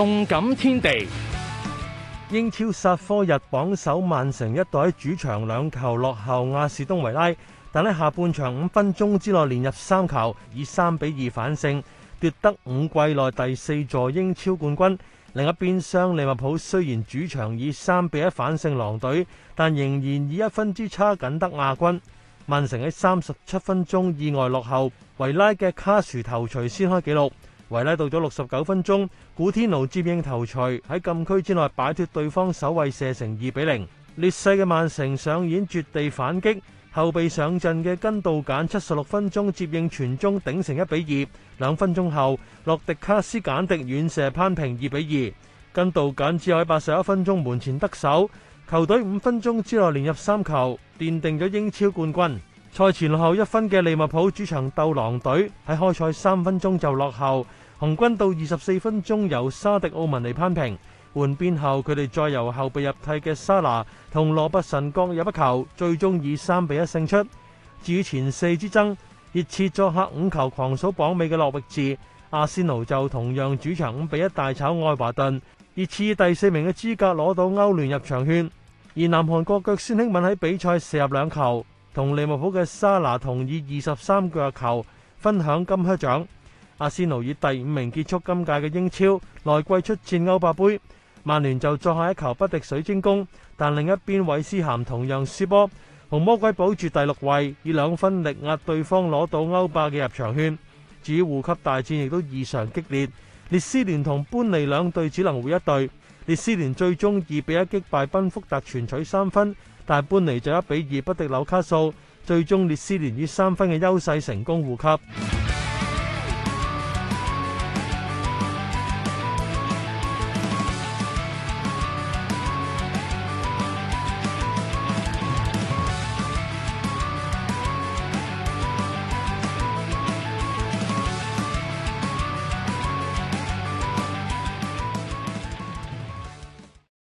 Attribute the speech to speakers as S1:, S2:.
S1: 動感天地，英超煞科日榜首曼城一隊主場兩球落後亞士東維拉，但喺下半場五分鐘之內連入三球，以三比二反勝，奪得五季內第四座英超冠軍。另一邊廂利物浦雖然主場以三比一反勝狼隊，但仍然以一分之差僅得亞軍。曼城喺三十七分鐘意外落後，維拉嘅卡殊頭槌先開紀錄。維拉到咗六十九分鐘，古天奴接應頭槌喺禁區之內擺脫對方守衛射成二比零。劣勢嘅曼城上演絕地反擊，後備上陣嘅根道簡七十六分鐘接應傳中頂成一比二。兩分鐘後，洛迪卡斯簡迪遠射攀平二比二。根道簡只喺八十一分鐘門前得手，球隊五分鐘之內連入三球，奠定咗英超冠軍。賽前落後一分嘅利物浦主場鬥狼隊喺開賽三分鐘就落後。紅軍到二十四分鐘由沙迪奧文尼扳平，換邊後佢哋再由後備入替嘅沙拿同羅伯神各入一球，最終以三比一勝出。至於前四之爭，熱刺作客五球狂掃榜尾嘅諾域治，阿仙奴就同樣主場五比一大炒愛華頓，熱刺以第四名嘅資格攞到歐聯入場券。而南韓國腳孫興敏喺比賽射入兩球，同利物浦嘅沙拿同以二十三腳球分享金靴獎。阿仙奴以第五名結束今屆嘅英超，來季出戰歐霸杯。曼聯就作下一球不敵水晶宮，但另一邊韋斯咸同樣輸波，紅魔鬼保住第六位，以兩分力壓對方攞到歐霸嘅入場券。至於護級大戰亦都異常激烈，列斯聯同班尼兩隊只能活一隊。列斯聯最終二比一擊敗賓福特，全取三分，但係班尼就一比二不敵紐卡素，最終列斯聯以三分嘅優勢成功護級。